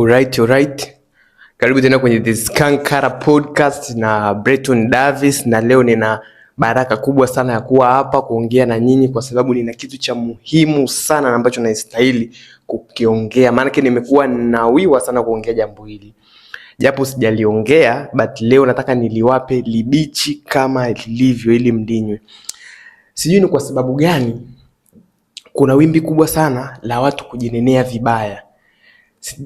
Alright, alright. Karibu tena kwenye The Skankara Podcast na Breton Davis, na leo nina baraka kubwa sana ya kuwa hapa kuongea na nyinyi, kwa sababu nina kitu cha muhimu sana ambacho naistahili kukiongea, maanake nimekuwa nawiwa sana kuongea jambo hili japo sijaliongea, but leo nataka niliwape libichi kama lilivyo ili mlinywe. Sijui ni kwa sababu gani kuna wimbi kubwa sana la watu kujinenea vibaya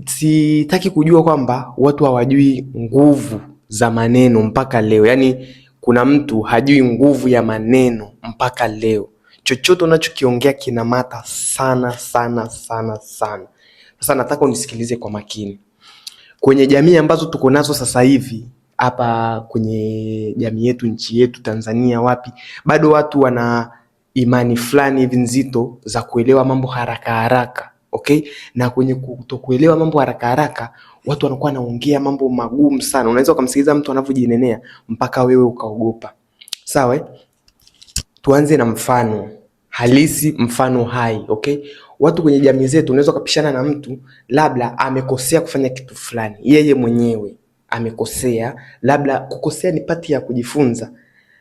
sitaki kujua kwamba watu hawajui nguvu za maneno mpaka leo. Yaani kuna mtu hajui nguvu ya maneno mpaka leo. Chochote unachokiongea kinamata sana sana sana sana. Sasa nataka unisikilize kwa makini. Kwenye jamii ambazo tuko nazo sasa hivi hapa kwenye jamii yetu, nchi yetu Tanzania, wapi, bado watu wana imani fulani hivi nzito za kuelewa mambo haraka haraka okay? Na kwenye kutokuelewa mambo haraka haraka, watu wanakuwa wanaongea mambo magumu sana, unaweza ukamsikiliza mtu anavyojinenea mpaka wewe ukaogopa. Sawa, eh? Tuanze na mfano halisi, mfano hai, okay? Watu kwenye jamii zetu, unaweza ukapishana na mtu labda amekosea kufanya kitu fulani, yeye mwenyewe amekosea, labda kukosea ni pati ya kujifunza,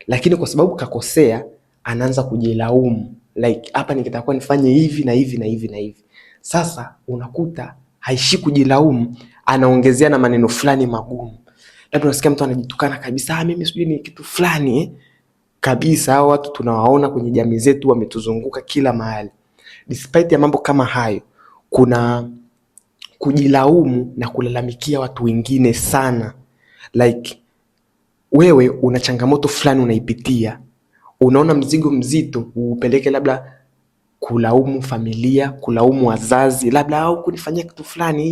lakini kwa sababu kakosea anaanza kujilaumu like hapa nikitakuwa nifanye hivi na hivi na hivi na hivi. Sasa unakuta haishi kujilaumu, anaongezea na maneno fulani magumu. Labda unasikia mtu anajitukana kabisa, ah, mimi sijui ni kitu fulani Kabisa hao watu tunawaona kwenye jamii zetu, wametuzunguka kila mahali. Despite ya mambo kama hayo, kuna kujilaumu na kulalamikia watu wengine sana. Like wewe una changamoto fulani unaipitia, unaona mzigo mzito uupeleke labda kulaumu familia, kulaumu wazazi, labda au kunifanyia kitu fulani,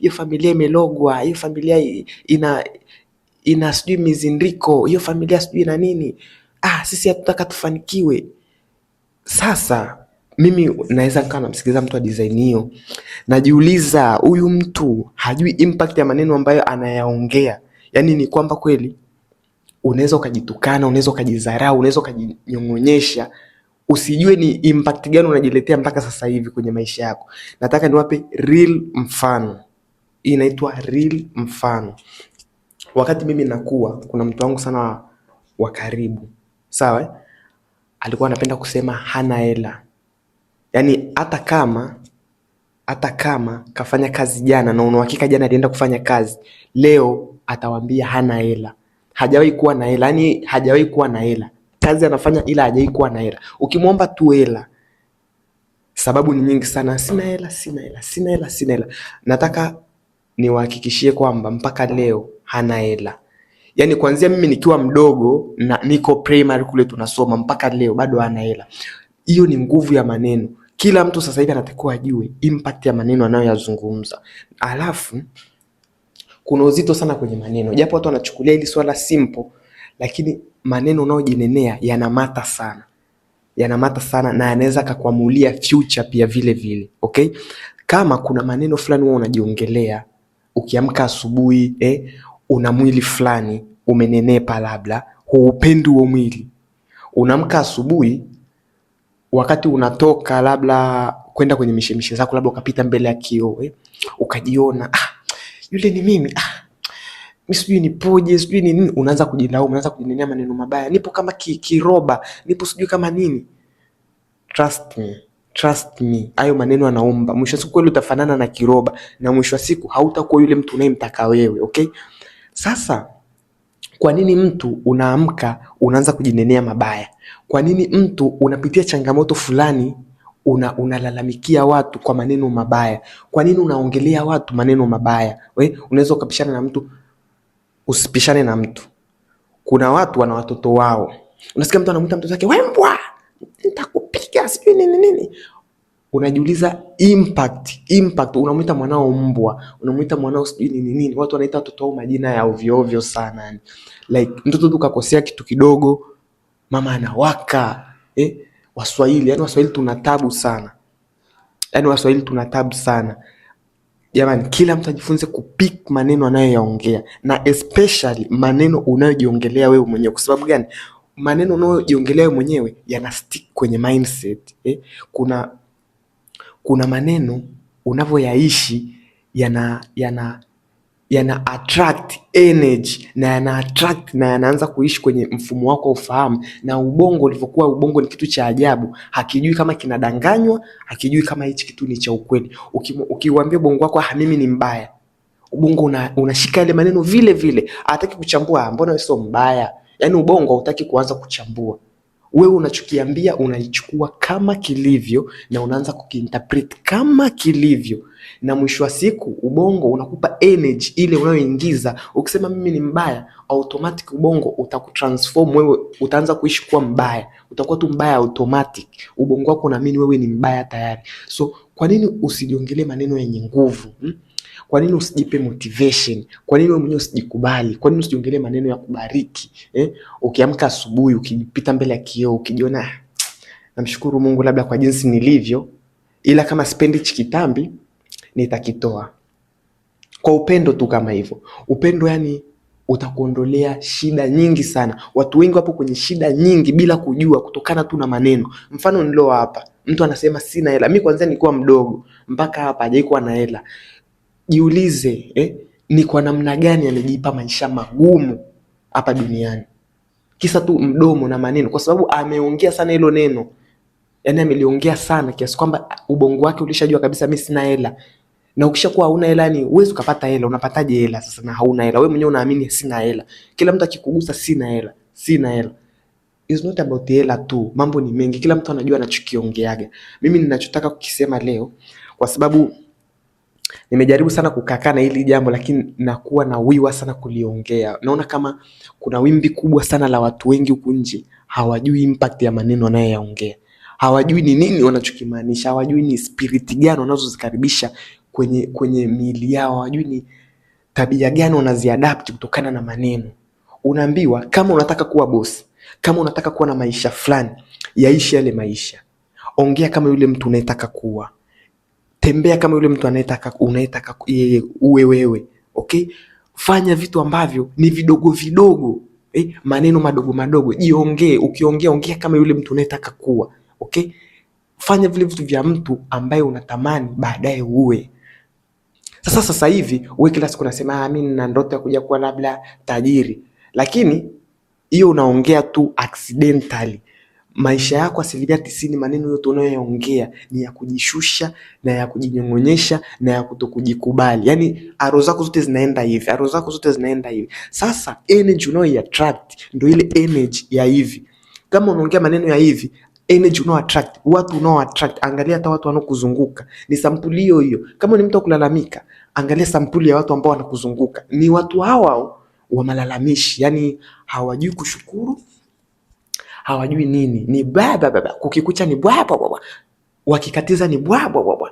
hiyo familia imelogwa, hiyo familia ina ina sijui mizindiko, hiyo familia sijui na nini. Ah, sisi hatutaka tufanikiwe. Sasa mimi naweza nikawa namsikiliza mtu wa design hiyo, najiuliza huyu mtu hajui impact ya maneno ambayo anayaongea. Yaani ni kwamba kweli unaweza ukajitukana, unaweza ukajidharau, unaweza ukajinyong'onyesha usijue ni impact gani unajiletea mpaka sasa hivi kwenye maisha yako. Nataka niwape real mfano, hii inaitwa real mfano. Wakati mimi nakuwa, kuna mtu wangu sana wa karibu, sawa, alikuwa anapenda kusema hana hela, yaani hata kama hata kama kafanya kazi jana na unauhakika jana alienda kufanya kazi, leo atawambia hana hela, hajawahi kuwa na hela, yaani hajawahi kuwa na hela kazi anafanya, ila hajai kuwa na hela. Ukimwomba tu hela, sababu ni nyingi sana, sina hela, sina hela, sina hela, sina hela. Nataka niwahakikishie kwamba mpaka leo hana hela. Yaani kuanzia mimi nikiwa mdogo na niko primary kule tunasoma mpaka leo bado hana hela. Hiyo ni nguvu ya maneno. Kila mtu sasa hivi anatakiwa ajue impact ya maneno anayoyazungumza. Alafu kuna uzito sana kwenye maneno, japo watu wanachukulia hili swala simple, lakini maneno unayojinenea yanamata sana, yanamata sana na yanaweza kakuamulia future pia vile vile, okay? Kama kuna maneno fulani wewe unajiongelea ukiamka asubuhi eh, una mwili fulani umenenepa, labda huupendi huo mwili, unaamka asubuhi, wakati unatoka labda kwenda kwenye mishemishe zako, labda ukapita mbele ya kioo eh, ukajiona, ah, yule ni mimi ah mi sijui nipoje, sijui ni nini, unaanza kujilaumu, unaanza kujinenea maneno mabaya, nipo kama kiroba ki nipo sijui kama nini. Trust me, trust me, hayo maneno anaomba, mwisho wa siku kweli utafanana na kiroba, na mwisho wa siku hautakuwa yule mtu unayemtaka wewe. Okay, sasa kwa nini mtu unaamka unaanza kujinenea mabaya? Kwa nini mtu unapitia changamoto fulani una unalalamikia watu kwa maneno mabaya? Kwa nini unaongelea watu maneno mabaya? We, unaweza ukapishana na mtu usipishane na mtu. Kuna watu wana watoto wao, unasikia mtu anamwita mtoto wake wembwa, nitakupiga sijui nini nini. Unajiuliza impact, impact. Unamwita mwanao mbwa, unamwita mwanao sijui nini nini. Watu wanaita watoto wao majina ya ovyo ovyo sana, like mtoto tu kakosea kitu kidogo, mama anawaka eh? Waswahili yani, Waswahili tuna tabu sana, yani Waswahili tuna tabu sana. Jamani, kila mtu ajifunze kupik maneno anayoyaongea na especially maneno unayojiongelea wewe mwenyewe. Kwa sababu gani? Maneno unayojiongelea wewe mwenyewe yana stick kwenye mindset eh? Kuna kuna maneno unavyoyaishi yana yana yana attract energy na yana attract na yanaanza kuishi kwenye mfumo wako wa ufahamu. Na ubongo ulivyokuwa, ubongo ni kitu cha ajabu, hakijui kama kinadanganywa, hakijui kama hichi kitu ni cha ukweli. Ukiuambia ubongo wako ah, mimi ni mbaya, ubongo unashika una yale maneno vile vile, hataki kuchambua, ah, mbona wewe sio mbaya. Yani ubongo hautaki kuanza kuchambua wewe unachokiambia unaichukua kama kilivyo na unaanza kukiinterpret kama kilivyo, na mwisho wa siku ubongo unakupa energy ile unayoingiza. Ukisema mimi ni mbaya, automatic ubongo utakutransform wewe, utaanza kuishi kuwa mbaya, utakuwa tu mbaya automatic. Ubongo wako unaamini wewe ni mbaya tayari. So kwa nini usijiongelee maneno yenye nguvu hmm? Kwa nini usijipe motivation? Kwa nini wewe mwenyewe usijikubali? Kwa nini usijiongelee maneno ya kubariki eh? Ukiamka asubuhi, ukijipita mbele ya kioo, ukijiona namshukuru Mungu labda kwa jinsi nilivyo, ila kama spendi chikitambi nitakitoa kwa upendo tu, kama hivyo upendo, yani utakuondolea shida nyingi sana. Watu wengi wapo kwenye shida nyingi bila kujua, kutokana tu na maneno. Mfano nilio hapa, mtu anasema sina hela. Mimi kwanza nilikuwa mdogo mpaka hapa hajaikuwa na hela, jiulize eh, ni kwa namna gani amejipa maisha magumu hapa duniani, kisa tu mdomo na maneno, kwa sababu ameongea sana hilo neno, yani ameliongea sana kiasi kwamba ubongo wake ulishajua kabisa, mimi sina hela. Na ukishakuwa hauna hela, ni yaani uwezi ukapata hela. Unapataje hela sasa na hauna hela? Wewe mwenyewe unaamini sina hela, kila mtu akikugusa, sina hela, sina hela. It's not about hela tu, mambo ni mengi, kila mtu anajua anachokiongeaga. Mimi ninachotaka kukisema leo kwa sababu nimejaribu sana kukakana hili jambo lakini nakuwa na wiwa sana kuliongea. Naona kama kuna wimbi kubwa sana la watu wengi huku nje hawajui impact ya maneno anayoyaongea, hawajui ni nini wanachokimaanisha, hawajui ni spirit gani wanazozikaribisha kwenye kwenye miili yao, hawajui ni tabia gani wanaziadapt kutokana na maneno. Unaambiwa kama unataka kuwa bosi, kama unataka kuwa na maisha fulani, yaishi yale maisha, ongea kama yule mtu unayetaka kuwa tembea kama yule mtu anayetaka unayetaka yeye uwe wewe, okay? Fanya vitu ambavyo ni vidogo vidogo eh, maneno madogo madogo, jiongee. Ukiongea ongea kama yule mtu unayetaka kuwa, okay? Fanya vile vitu vya mtu ambaye unatamani baadaye uwe. Sasa sasa hivi wewe kila siku unasema mimi ah, nina ndoto ya kuja kuwa labda tajiri, lakini hiyo unaongea tu accidentally maisha yako asilimia tisini, maneno yote unayoyaongea ni ya kujishusha na ya kujinyong'onyesha na ya kutokujikubali. Yaani aro zako zote zinaenda hivi, aro zako zote zinaenda hivi. Sasa energy unayo attract ndio ile energy ya hivi. Kama unaongea maneno ya hivi energy unao attract, watu unao attract, angalia hata watu wanaokuzunguka ni sampuli hiyo hiyo. Kama ni mtu wa kulalamika, angalia sampuli ya watu ambao wanakuzunguka ni watu hao wa malalamishi, yani hawajui kushukuru hawajui nini, ni baba baba, kukikucha ni bwa bwa bwa, wakikatiza ni bwa bwa bwa.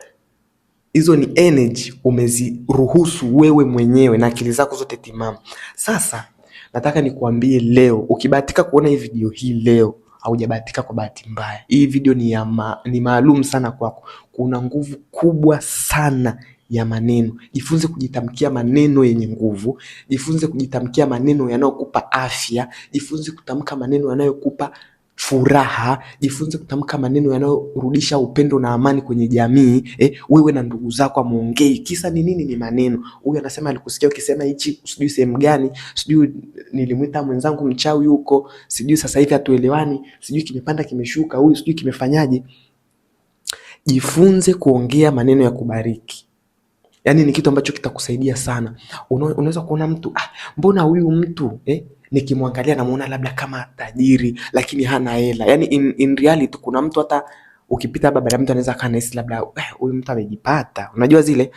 Hizo ni energy umeziruhusu wewe mwenyewe na akili zako zote timamu. Sasa nataka nikuambie leo, ukibahatika kuona hii video hii leo, haujabahatika kwa bahati mbaya, hii video ni, ma, ni maalum sana kwako. Kuna nguvu kubwa sana ya maneno. Jifunze kujitamkia maneno yenye nguvu, jifunze kujitamkia maneno yanayokupa afya, jifunze kutamka maneno yanayokupa furaha, jifunze kutamka maneno yanayorudisha upendo na amani kwenye jamii. Eh, wewe na ndugu zako amuongei, kisa ni nini? Ni maneno. Huyu anasema alikusikia ukisema hichi, sijui sehemu gani, sijui nilimwita mwenzangu mchawi huko, sijui sasa hivi hatuelewani, sijui kimepanda kimeshuka, huyu sijui kimefanyaje. Jifunze kuongea maneno ya kubariki. Yaani ni kitu ambacho kitakusaidia sana. Unaweza kuona mtu ah, mbona huyu mtu eh, nikimwangalia namuona labda kama tajiri lakini hana hela. Yani in, in reality kuna mtu hata ukipita baba ya mtu anaweza kana hisi labda eh, huyu eh, mtu amejipata. Unajua zile.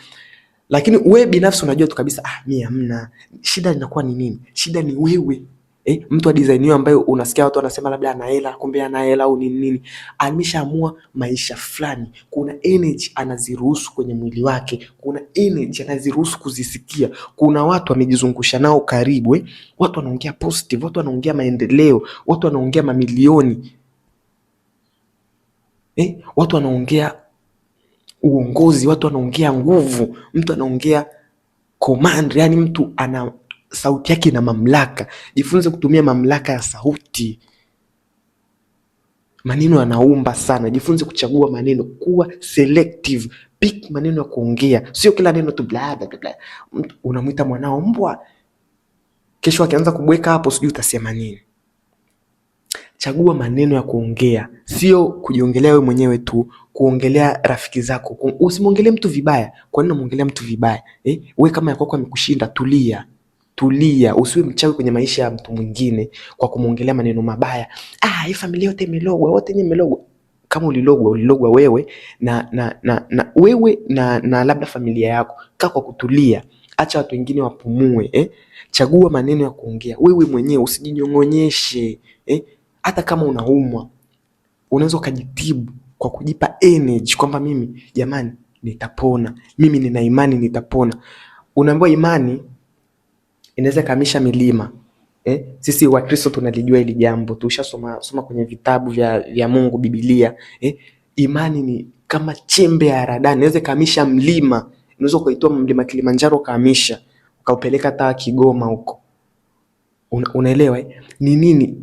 Lakini wewe binafsi unajua tu kabisa ah, mimi hamna. Shida inakuwa ni nini? Shida ni wewe eh, mtu wa design hiyo ambayo unasikia watu wanasema labda ana hela, kumbe ana hela au nini nini, ameshaamua maisha fulani. Kuna energy anaziruhusu kwenye mwili wake, kuna energy anaziruhusu kuzisikia. Kuna watu amejizungusha nao karibu eh, watu wanaongea positive, watu wanaongea maendeleo, watu wanaongea mamilioni eh, watu wanaongea uongozi, watu wanaongea nguvu, mtu anaongea command, yani mtu ana sauti yake ina mamlaka. Jifunze kutumia mamlaka ya sauti. Maneno yanaumba sana, jifunze kuchagua maneno, kuwa selective. Pick maneno ya kuongea, sio kila neno tu bla bla bla. Unamwita mwanao mbwa, kesho akianza kubweka hapo, sijui utasema nini. Chagua maneno ya kuongea, sio kujiongelea wewe mwenyewe tu, kuongelea rafiki zako. Usimwongelee mtu vibaya. Kwa nini unamwongelea mtu vibaya eh? Wewe kama yako amekushinda, tulia. Tulia, usiwe mchawi kwenye maisha ya mtu mwingine kwa kumwongelea maneno mabaya. Ah, hii familia yote imelogwa, wote nyewe mmelogwa. Kama ulilogwa, ulilogwa wewe na, na, na, na wewe na, na labda familia yako. Kaa kwa kutulia, acha watu wengine wapumue eh? Chagua maneno ya kuongea wewe mwenyewe, usijinyong'onyeshe eh? Hata kama unaumwa unaweza ukajitibu kwa kujipa energy kwamba mimi jamani, nitapona, mimi nina imani nitapona. Unaambiwa imani inaweza kamisha milima eh? Sisi Wakristo tunalijua hili jambo, tushasoma soma kwenye vitabu vya, vya Mungu Biblia eh? Imani ni kama chembe ya haradali, inaweza kamisha mlima, unaweza kuitoa mlima Kilimanjaro kamisha ukaupeleka taa Kigoma huko, Una, unaelewa eh? Ni nini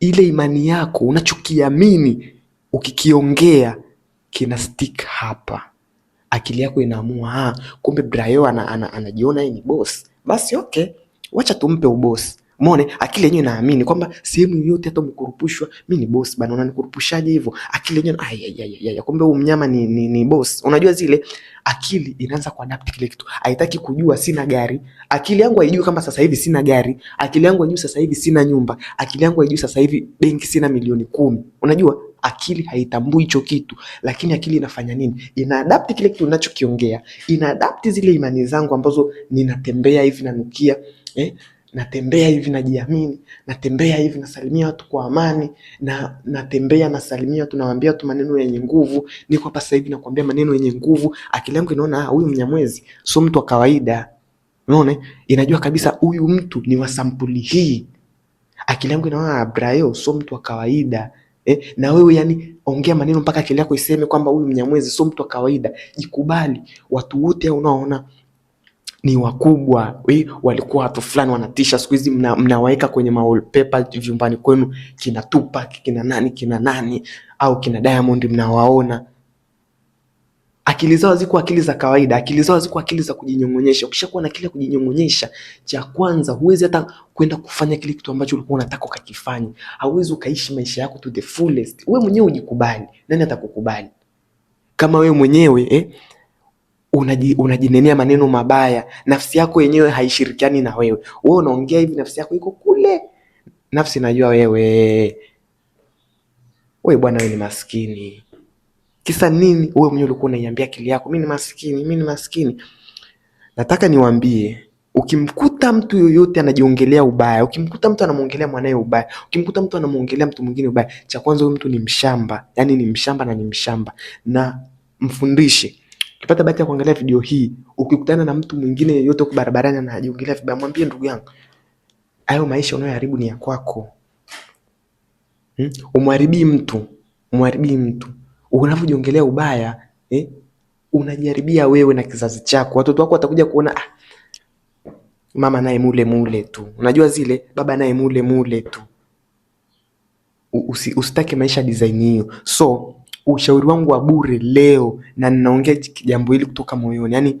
ile imani yako, unachokiamini ukikiongea kina stick hapa, akili yako inaamua, ah, kumbe Brayo anajiona ana, ana, yeye ni boss basi okay, wacha tumpe ubosi. Umeona, akili yenyewe naamini kwamba sehemu yoyote hata umekurupushwa, mimi ni boss bana. Unanikurupushaje hivyo? Akili yenyewe ay, ay, ay, ay, kumbe huyu mnyama ni, ni, ni boss. Unajua zile akili inaanza kuadapt kile kitu, haitaki kujua sina gari. Akili yangu haijui kama sasa hivi sina gari. Akili yangu haijui sasa hivi sina nyumba. Akili yangu haijui sasa hivi benki sina milioni kumi. Unajua akili haitambui hicho kitu, lakini akili inafanya nini? Inaadapt kile kitu ninachokiongea, inaadapt zile imani zangu ambazo ninatembea hivi nanukia eh? natembea hivi najiamini, natembea hivi nasalimia watu kwa amani na natembea nasalimia watu, nawaambia watu maneno yenye nguvu. Niko hapa sasa hivi nakwambia maneno yenye nguvu, akili yangu inaona ah, huyu Mnyamwezi sio mtu wa kawaida. Unaona, inajua kabisa huyu mtu ni wa sampuli hii. Akili yangu inaona Abrayo ah, sio mtu wa kawaida. Eh, na wewe yani, ongea maneno mpaka akili yako iseme kwamba huyu Mnyamwezi sio mtu wa kawaida. Jikubali, watu wote unaoona ni wakubwa we, walikuwa watu fulani wanatisha. Siku hizi mna, mnawaeka kwenye mawallpaper vyumbani kwenu, kina Tupac kina nani kina nani au kina Diamond mnawaona. Akili zao ziko akili za kawaida, akili zao ziko akili za kujinyong'onyesha. Ukishakuwa na akili ya kujinyong'onyesha, cha kwanza huwezi hata kwenda kufanya kile kitu ambacho ulikuwa unataka ukakifanya. Hauwezi ukaishi maisha yako to the fullest. Wewe mwenyewe ujikubali, nani atakukubali kama wewe mwenyewe eh? unaji, unajinenea maneno mabaya, nafsi yako yenyewe haishirikiani na wewe. Wewe unaongea hivi, nafsi yako iko kule, nafsi najua wewe we bwana, we ni maskini. Kisa nini? Wewe mwenyewe ulikuwa unaiambia akili yako, mi ni maskini, mi ni maskini. Nataka niwambie, ukimkuta mtu yoyote anajiongelea ubaya, ukimkuta mtu anamwongelea mwanaye ubaya, ukimkuta mtu anamwongelea mtu mwingine ubaya, cha kwanza huyu mtu ni mshamba, yani ni mshamba na ni mshamba, na mfundishe Ukipata bahati ya kuangalia video hii, ukikutana na mtu mwingine yeyote huko barabarani anajiongelea vibaya, mwambie ndugu yangu, hayo maisha unayoharibu ni ya kwako. Hmm? Umwaribii mtu, umwaribii mtu. Unavyojiongelea ubaya, eh? Unajiharibia wewe na kizazi chako. Watoto wako watakuja kuona ah, mama naye mule mule tu. Unajua zile baba naye mule mule tu. Usitake maisha design hiyo. So ushauri wangu wa bure leo, na ninaongea jambo hili kutoka moyoni. Yani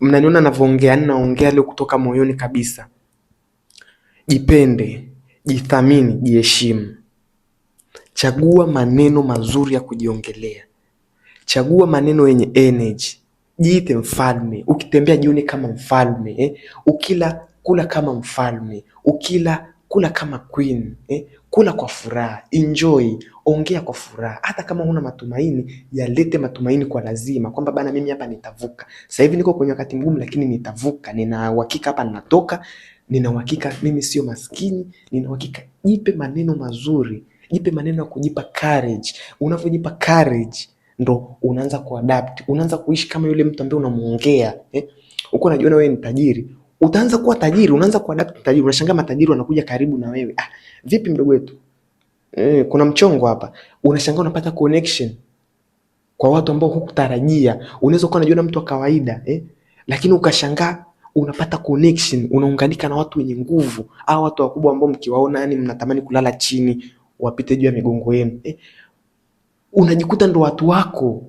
mnaniona navyoongea, yani naongea leo kutoka moyoni kabisa. Jipende, jithamini, jiheshimu. Chagua maneno mazuri ya kujiongelea, chagua maneno yenye energy. Jiite mfalme, ukitembea jione kama mfalme eh? Ukila kula kama mfalme, ukila kula kama queen eh? Kula kwa furaha, enjoy, ongea kwa furaha. Hata kama huna matumaini, yalete matumaini kwa lazima, kwamba bana, mimi hapa nitavuka. Sasa hivi niko kwenye wakati mgumu, lakini nitavuka. Nina uhakika hapa ninatoka, nina uhakika mimi sio maskini, nina uhakika. Jipe maneno mazuri, jipe maneno ya kujipa courage. Unavyojipa courage, ndo unaanza kuadapt, unaanza kuishi kama yule mtu ambaye unamuongea eh? Uko unajiona wewe ni tajiri, utaanza kuwa tajiri, unaanza kuwa daktari tajiri, unashangaa matajiri wanakuja karibu na wewe. Ah, vipi mdogo wetu? Eh, kuna mchongo hapa. Unashangaa unapata connection kwa watu ambao hukutarajia. Unaweza kuwa unajiona mtu wa kawaida, eh? Lakini ukashangaa unapata connection, unaunganika na watu wenye nguvu, au watu wakubwa ambao mkiwaona yani mnatamani kulala chini, wapite juu ya migongo yenu. Eh? Unajikuta ndo watu wako.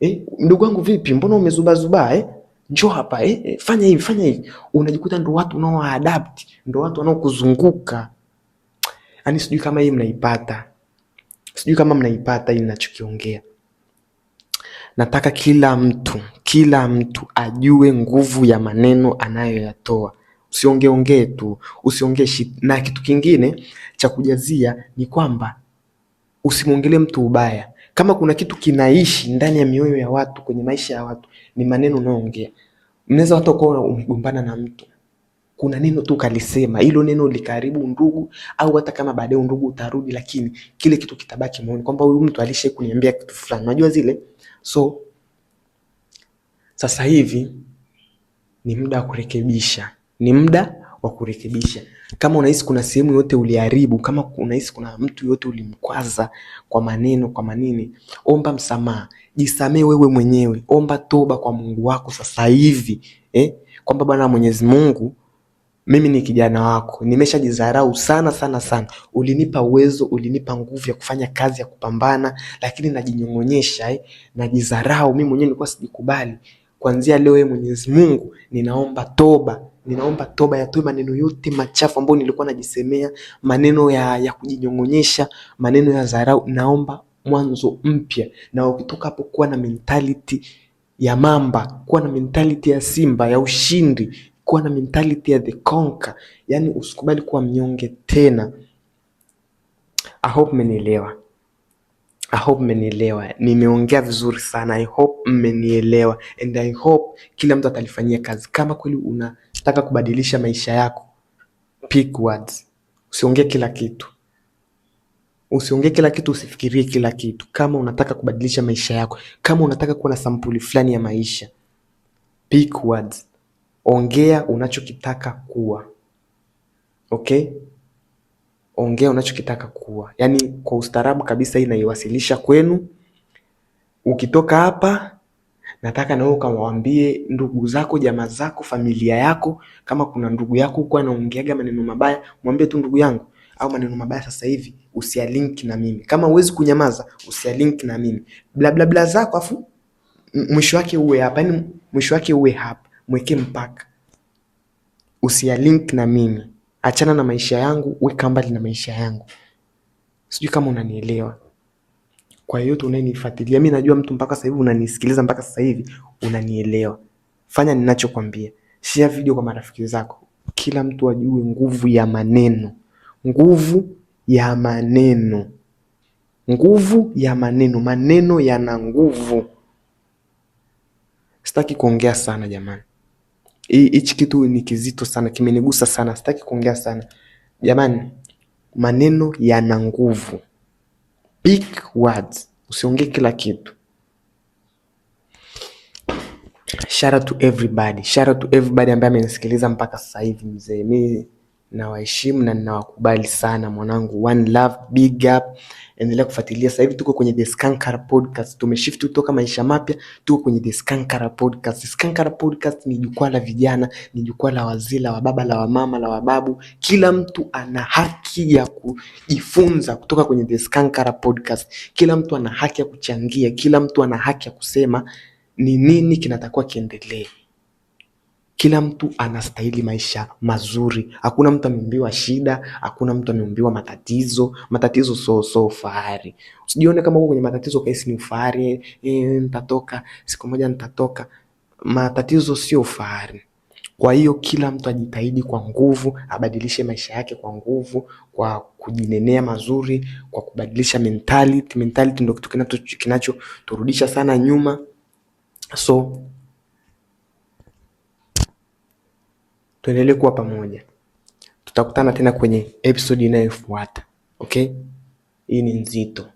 Eh? Mdogo wangu vipi? Mbona umezubazuba eh? njoo hapa eh, eh, fanya hivi fanya hivi, unajikuta ndo watu unaowaadapt ndo watu wanaokuzunguka. Yani sijui kama hii mnaipata, sijui kama mnaipata hii ninachokiongea. Nataka kila mtu kila mtu ajue nguvu ya maneno anayoyatoa. Usiongeongee tu, usiongee shit. Na kitu kingine cha kujazia ni kwamba usimwongelee mtu ubaya. Kama kuna kitu kinaishi ndani ya mioyo ya watu, kwenye maisha ya watu, ni maneno unayoongea mnaweza hata ukawa umegombana na mtu, kuna neno tu kalisema, hilo neno likaharibu undugu au hata kama baadaye undugu utarudi, lakini kile kitu kitabaki moyoni kwamba huyu mtu alishe kuniambia kitu fulani, unajua zile. So sasa hivi ni muda wa kurekebisha, ni muda wa kurekebisha. Kama unahisi kuna sehemu yote uliharibu, kama unahisi kuna mtu yote ulimkwaza kwa maneno, kwa manini, omba msamaha, jisamee wewe mwenyewe, omba toba kwa Mungu wako sasa hivi eh, kwamba Bwana Mwenyezi Mungu, mimi ni kijana wako, nimeshajidharau sana sana sana. Ulinipa uwezo, ulinipa nguvu ya kufanya kazi ya kupambana, lakini najinyong'onyesha eh, najidharau mimi mwenyewe, nilikuwa sijikubali. Kuanzia leo, ee Mwenyezi Mungu, ninaomba toba ninaomba toba, yatoe maneno yote machafu ambayo nilikuwa najisemea, maneno ya, ya kujinyong'onyesha, maneno ya dharau. Naomba mwanzo mpya, na ukitoka hapo kuwa na mentality ya mamba, kuwa na mentality ya simba ya ushindi, kuwa na mentality ya the conquer, yani usikubali kuwa mnyonge tena. I hope mmenielewa. I hope mmenielewa, nimeongea vizuri sana. I hope mmenielewa and I hope kila mtu atalifanyia kazi. Kama kweli una Ukitaka kubadilisha maisha yako, pick words. Usiongee kila kitu, usiongee kila kitu, usifikirie kila kitu. Kama unataka kubadilisha maisha yako, kama unataka kuwa na sampuli fulani ya maisha, pick words. Ongea unachokitaka kuwa, okay? Ongea unachokitaka kuwa, yaani kwa ustaarabu kabisa. Hii naiwasilisha kwenu. Ukitoka hapa nataka na wewe ukawaambie ndugu zako, jamaa zako, familia yako. Kama kuna ndugu yako huko anaongeaga maneno mabaya, mwambie tu ndugu yangu, au maneno mabaya sasa hivi usialink na mimi. Kama huwezi kunyamaza, usialink na mimi, bla bla bla zako, afu mwisho wake uwe hapa, yani mwisho wake uwe hapa, mweke mpaka usialink na mimi, achana na maisha yangu, weka mbali na maisha yangu. Sijui kama unanielewa. Kwa yeyote unayenifuatilia, mimi najua mtu mpaka sasa hivi unanisikiliza mpaka sasa hivi unanielewa. Fanya ninachokwambia, share video kwa marafiki zako, kila mtu ajue nguvu ya maneno, nguvu ya maneno, nguvu ya maneno. Maneno yana nguvu. Sitaki kuongea sana jamani, hichi kitu ni kizito sana, kimenigusa sana, sitaki kuongea sana jamani. Maneno yana nguvu. Speak words, usiongee kila kitu. Shout out to everybody, shout out to everybody ambaye amenisikiliza mpaka sasa hivi mzee, Mimi nawaheshimu na ninawakubali sana mwanangu. One love, big up. Endelea kufuatilia. Sasa hivi tuko kwenye The Skankara Podcast. Tumeshift kutoka maisha mapya, tuko kwenye The Skankara Podcast. Skankara Podcast ni jukwaa la vijana, ni jukwaa la wazee, la wababa, la wamama, la wababu. Kila mtu ana haki ya kujifunza kutoka kwenye The Skankara Podcast. Kila mtu ana haki ya kuchangia, kila mtu ana haki ya kusema ni nini kinatakiwa kiendelee. Kila mtu anastahili maisha mazuri. Hakuna mtu ameumbiwa shida, hakuna mtu ameumbiwa matatizo. Matatizo so so fahari. Usijione kama uko kwenye matatizo kaisi ni ufahari, e, nitatoka siku moja, nitatoka. Matatizo sio fahari. Kwa hiyo kila mtu ajitahidi kwa nguvu, abadilishe maisha yake kwa nguvu, kwa kujinenea mazuri, kwa kubadilisha mentality. Mentality ndio kitu kinachoturudisha sana nyuma, so tuendelee kuwa pamoja. Tutakutana tena kwenye episodi inayofuata. Okay, hii ni nzito.